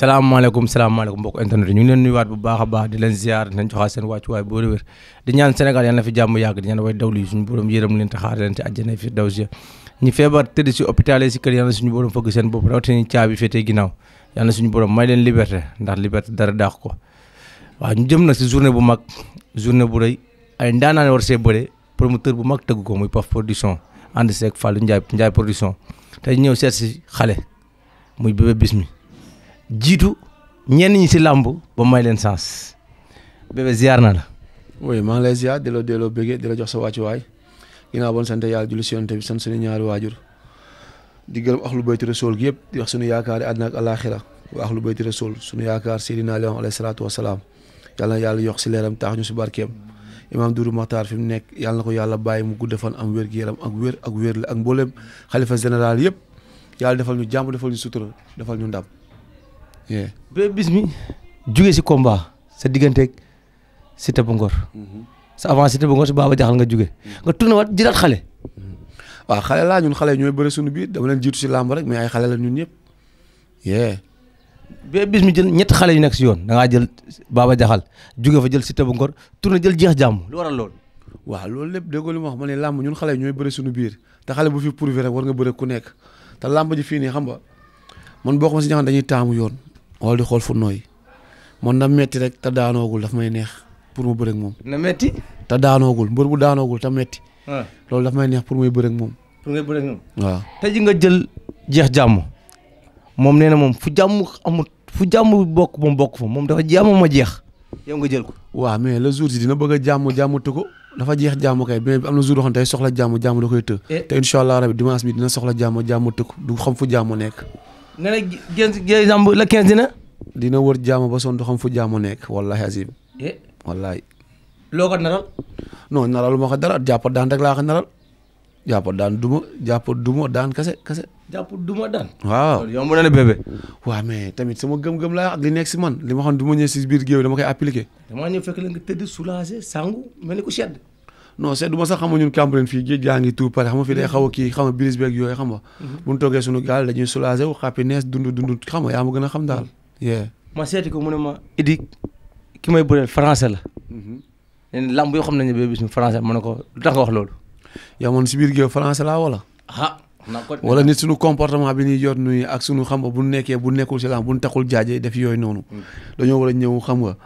salaamaaleykum salaamaaleykum mbokk internet ñu ngi leen nuyuwaat bu baax a baax di leen ziar di leen joxaat seen wàccuwaay boo wér di ñaan Sénégal yal na fi jàmm yàgg di ñaan way dawlu yi suñu borom yërëm leen te xaar leen te àjjana fi daw si ñu feebar tëdd si hôpital yi si kër yal suñu borom fëgg may leen liberté dara daax ko waa ñu jëm nag si journée bu mag journée bu rëy ay ndaanaan war see bëre promoteur bu mag tëgg ko muy Paf production ànd seeg Fallou Ndiaye Ndiaye production tey ñëw seet si xale muy Bébé Bismi jiitu ñenn ñi ci làmb ba may leen sens bébé ziar na la. oui maa ngi lay ziar di delloo bëggee di jox sa wàccuwaay ginnaaw bon sant yàlla julli si yonent bi sant suñu ñaari waajur di gërëm ahlu bayti rasul gi yëpp di wax suñu yaakaar yi àddina ak alaaxira wa ahlu bayti rasul suñu yaakaar Seydina Limaamu alayhi salaatu wa salaam yàlla yàlla yokk si leeram taax ñu si barkeem imaam Doudou Makhtar fi nekk yàlla ko yàlla bàyyi mu gudd fan am wér-gu-yaram ak wér ak wér la ak mboolem xalifa général yëpp yàlla defal ñu jàmm defal ñu sutura defal ñu ndam ba bis mi jugee si kombaa sa digganteeg Siteu bu Ngor. Mhm. sa avant Siteu bu Ngor si Baba Jaxal nga jugee. Mhm. nga tourné waat xale. Mhm. waaw laa ñun xale ñooy bëre suñu biir dama leen jiitu si làmb rek mais ay xale la ñun ñëpp. ba bis jël ñetti xale yu nekk si yoon ngaa jël Baba Jaxal jugee fa jël Siteu bu Ngor tourné jël jeex jàmm lu waral loolu. waaw loolu lépp déggoo li ma wax ma ne làmb ñun xale ñooy bëre suñu biir te xale bu fi prouvé rek war nga bëre ku nekk te làmb ji fii nii xam nga man bokk ma si ñoo dañuy taamu yoon xool di xool fu nooy man na metti rek te daanoogul daf may neex pour mu bëreeg moom. na metti te daanoogul mbër bu daanoogul ta metti ah. loolu daf may neex pour muy bëreeg moom. pour muy waaw tey ji nga jël jeex jàmm moom nee na moom fu jàmm amut fu jàmm bokk moom bokk fa moom dafa jàmm ma jeex. yow nga jël ko. waa mais la jour ji dina bëgg a jàmm jàmmatu ko dafa jeex jàmm kay mais am na jour yoo xam ne tey soxla jàmm jàmm da koy eh. allah rabi dimanche bi dina soxla jàmm jàmmatu ko du xam fu jàmm nekk. nga ne génn géej samb la 15 dina. dina wër jaamu ba son du xam fu nekk wallahi azim. eh wallahi. loo ko naral. non naral moo ko dara jàpp daan rek laa ko naral jàpp daan duma jàpp duma daan kase kase. jàpp duma daan. waaw yomb na ne bébé. waaw mais tamit sama gëm-gëm laa ak li nekk si man li ma xam du ma ñëw si biir géew dama fekk la nga tëdd soulagé mel ni ku sedd. non c'est du ma sax xam nga ñun Cambérène fii géej gaa ngi tout pare xam nga fii day mm-hmm. xaw a kii xam nga brise yooyu xam nga mm-hmm. bu ñu toogee suñu gaal dañuy soulagé xam a xam daal mm-hmm. ma seeti ko mu ne ma idi ki may bëreel français la leen yoo xam nañu ba bis mi français ma ne ko lu loolu yow man si biir géew français laa wala ah wala nit suñu comportement bi ñuy jot nuyu ak suñu xam nga bu nekkee bu nekkul si lamb bu ñu taxul jaajee def yooyu noonu mm. dañoo war a ñëw xam nga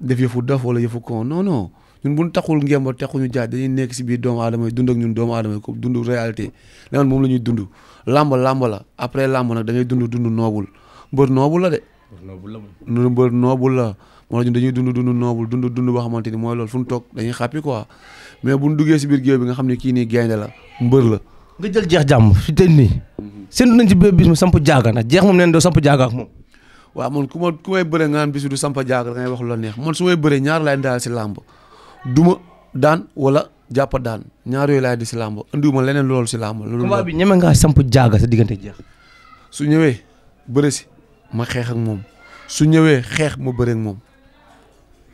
def fu dof wala yëfu kon non ñun bu nu taxul ngemba taxuñu jaaj dañuy nekk si biir doomu aadama yi dund ak ñun doomu aadama yi ko dund réalité leneen moom la ñuy dund làmb làmb la après làmb nag da ngay dund dund noobul mbër noobul la de. mbër noobul la moo tax ñun dañuy dund dund noobul dund dund boo xamante ni mooy loolu fu toog dañuy xàppi quoi mais bu ñu duggee si biir bi nga xam ne kii nii gaynde la mbër la. nga jël jeex jàmm fi tey nii. Mhm. séntu nañ ci bépp bis mu samp jaaga nag jeex moom nee na doo samp ak moom. waaw man ku ma ku may bëre nga naan bis du samp jaaga da ngay wax lu la neex man su may bëree ñaar laay daal si làmb duma daan wala jàpp daan ñaar yooyu laay di si làmb andiwuma leneen loolu si làmb. loolu combat bi ñeme ngaa samp jaaga sa diggante jeex. su ñëwee bëre si ma xeex moom su ñëwee xeex ma bëre moom.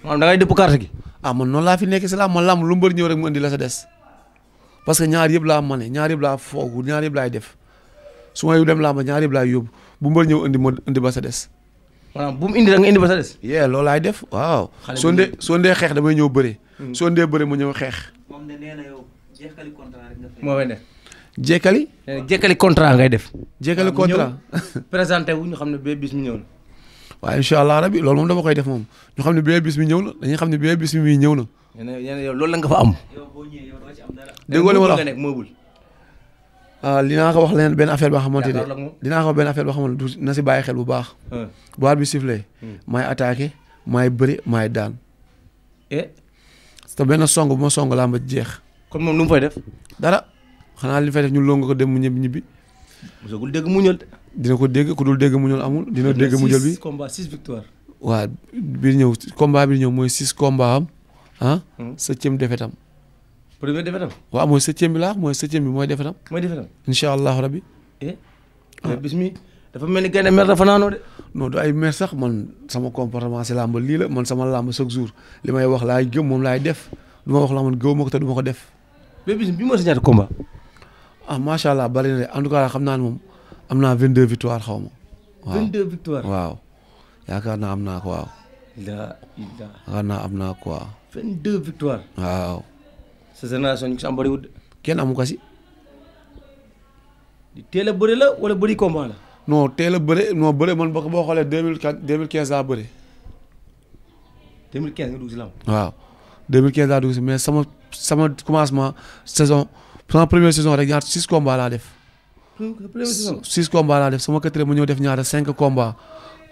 maanaam da ngay dëpp carte gi. ah man noonu laa fi nekk si làmb ma làmb lu mu ñëw rek mu indi la sa des parce que ñaar yëpp laa mane ñaar yëpp laa foogu ñaar yëpp laay def su ma dem làmb ñaar yëpp laay yóbbu bu mbër ñëw indi ma indi ba sa des. maanaam bu mu indi da nga indi ba sa des. yee loolu laay def waaw. xale soo dee soo dee xeex damay ñëw bëre. Hmm. soo dee bëre mu ñëw xeex. moom de nee na moo koy def. jeexali. ngay def. jeexali contrat présenté wu ñu xam ne bee bis mi ñëw na. waaw loolu moom koy def moom ñu xam ne bee bis mi ñëw na dañuy xam ne bee bis ñëw na. nee na loolu la nga fa am. yow boo ñëwee yow li euh, dinaa ko wax leen benn affaire boo xamante ne dinaa ko wax benn affaire boo xamante ne na si bàyyi xel bu baax. bu aar bi sifflé. maay attaqué bëri maay daan. eh. benn song bu ma song jeex. kon moom lu mu fay def. dara xanaa li fay def ñu longu ko dem ñibbi ñibbi. mosagul dégg mu ñël. dina ko dégg ku dul dégg mu ñël amul. dina dégg mu ñël bi six combats six bi ñëw combat bi ñëw mooy six combat am ah. septième défaite premier defetam. waaw mooy septième bi laa mooy septième bi mooy defetam. mooy defetam incha allahu rabi. eh, eh bismi dafa mel ni gaynde mer dafa naanoo de. non du ay mer sax man sama comportement si làmb lii la man sama làmb chaque jour li may wax laay gëm moom laay def du ma wax la man gëw ma ko te ko def. mais bis bi moo si ñaata combat. ah macha allah bari de en tout cas xam naa ne moom am naa 22 victoire xaw ma. waaw 22 victoire waaw. am naa ko waaw. ila ila. waaw. sa génération ñu ko si am bëriwul. kenn amu ko si. di teel a bëri la wala bëri combat la. non teel a bëri non bëri man boo xoolee deux mille quatre mille quinze laa bëri. deux mille quinze a dugg si waaw deux laa dugg mais sama sama commencement saison sama premier saison rek ñaar six combats laa def. première saison six combats laa def sama quatrième mu ñëw def ñaar cinq combats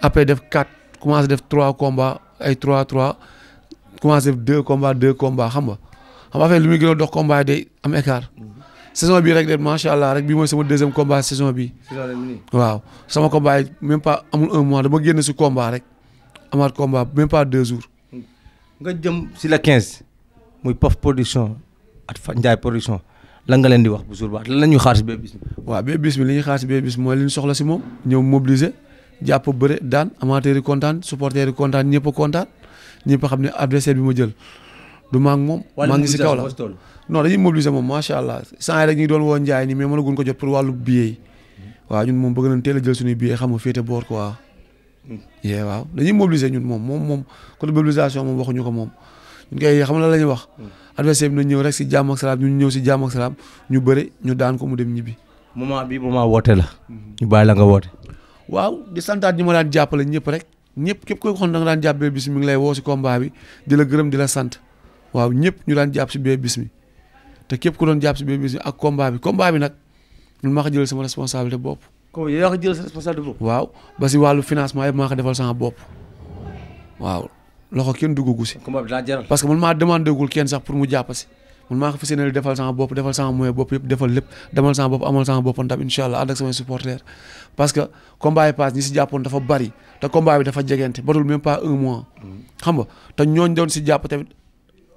après def quatre commencé def trois combats ay trois trois commencé def deux combats deux combats xam nga. xam affaire lu muy gën dox combat day am écart mhm. saison bi rek de macha allah rek bii mooy sama deuxième combat saison bi waaw sama combat yi même pas amul un mois dama génn si combat rek amaat combat même pas deux jours. nga jëm si la quinze muy Pof production at Fat Ndiaye production lan nga leen di wax bu jour ba lan la ñuy xaar si bee bis. waaw bee bis bi li ñuy xaar si mooy li ñu soxla si moom ñëw mobiliser jàpp bëre daan amateur yi kontaan supporters yi kontaan ñëpp a kontaan ñëpp xam ne adversaire bi ma jël. du maa ngi moom maa ngi si kaw la non dañuy mobiliser macha allah sant yi rek ñu ngi doon woo njaay ni mais ko jot pour wàllu waaw ñun moom bëgg nañ teel a jël suñuy billet xam nga féete boor quoi hmm. waaw dañuy mobiliser ñun moom moom moom côté moom waxuñu ko moom ñun xam la la ñuy wax hmm. adversaire bi ñëw rek si jàmm ak salaam ñun ñëw si jàmm ak ñu bëri ñu daan ko mu dem ñibbi moment bi moment woote la ñu bàyyi la nga woote waaw di santaat ñi ma daan jàppale ñëpp rek ñëpp képp ko xoon da nga daan jàppale bis mi ngi lay woo si kombaa bi di la gërëm di la sant waaw ñëpp ñu daan jàpp si bee bis mi te ku doon jàpp si bee bis ak combat bi combat bi nag ñun maa ko jël sama responsabilité bopp. kaw yaa ko jël sa responsabilité bopp. waaw ba si wàllu financement yëpp maa ko defal sama bopp waaw loxo kenn duggagu si. combat bi daa parce que man maa demandé gul kenn sax pour mu jàpp si. man maa ko fas defal sama bopp defal sama moyen bopp yëpp defal lépp demal sama bopp amal sama bopp ndam incha allah ànd ak samay supporters parce que combat yi paas ñi si dafa bari te combat bi dafa jegente ba dul même pas un mm-hmm. xam nga te ñooñ doon si jàpp tamit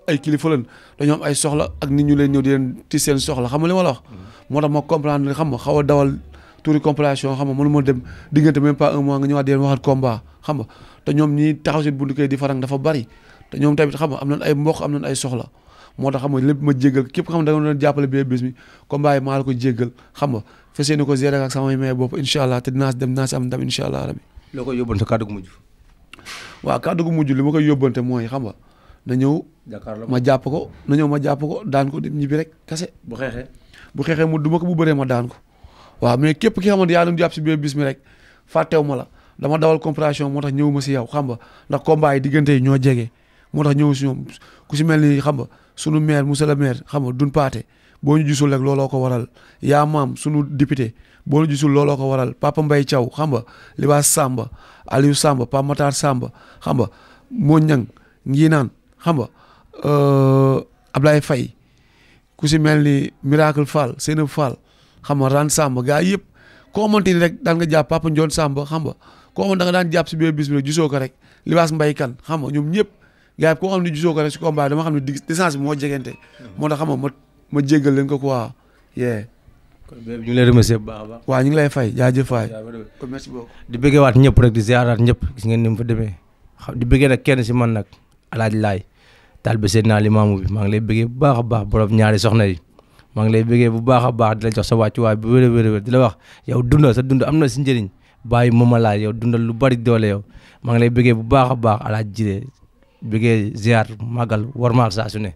ay kilifa lañ dañoo ay soxla ak nit ñu leen ñëw di leen ti seen soxla xam nga li ma la wax. Mm. moo tax ma comprendre xam nga xaw a dawal tuuri compilation xam nga mënu ma dem diggante même pas un mois nga ñëwaat di leen waxaat nga te ñoom ñii taxaw seen buntu kay di farang dafa bari te ñoom tamit xam nga am nañ ay mboq am nañ ay soxla. moo tax xam nga lépp ma jéggal képp xam ne da nga doon jàppale mi combat yi maa la ko jéggal xam nga fas yéene ko gérer ak samay may bopp incha allah te dinaa dem dinaa si am ndam incha allah rabi. loo koy yóbbante kàddu gu mujj. waaw kàddu gu mujj ma koy yóbbante mooy xam nga na ñëw. ma jàpp ko na ñëw ma jàpp ko daan ko dem ñibbi rek kase. bu xeexee bu xeexee mu duma ko bu bëree ma daan ko. waaw mais képp ki xamante yaa doon jàpp si biir bis rek fàttew ma la dama dawal compréhension moo tax ñëw ma si yow xam nga ndax combat diggante yi ñoo jege moo tax ñëw si ñoom ku si mel ni xam nga sunu maire monsieur le maire xam nga duñ paate boo ñu gisul rek looloo ko waral yaa maam sunu député boo ñu gisul looloo ko waral papa mbay Thiaw xam nga Libaas Samba Aliou Samba Pape Matar Samba xam nga moo ñang ngi naan xam nga euh, Ablaye fay ku si mel ni Miracle Fall Seynab Fall xam nga Rane Samba gaa yëpp koo mënti ni rek daan nga jàpp Papa Ndione Samba xam nga koo mën da nga daan jàpp si biir bis bi rek gisoo ko rek libaas mbay kan xam nga ñoom ñëpp gaa yëpp koo xam ne gisoo ko rek si combat dama xam ne distance bi moo jegante moo tax xam nga ma ma jéggal leen ko quoi yee. kon ñu ngi lay remercier bu baax a ñu ngi lay fay jaajëf faay. kon merci beaucoup. di bëggee waat ñëpp rek di ziaraat ñëpp ngeen ni mu demee xam di bëggee nag kenn si man nag. Alaaji Laay taalibe Seydina Limaamu bi maa ngi lay bëggee bu baax a baax borom ñaari soxna yi maa ngi lay bëggee bu baax a baax di la jox sa wàccuwaay bu wér a wér di la wax yow dundal sa dund am na si njëriñ bàyyi mooma laay yow dundal lu bari doole yow maa ngi lay bëggee bu baax a baax a Alaaji Jide bëggee ziar màggal warmaal saa su ne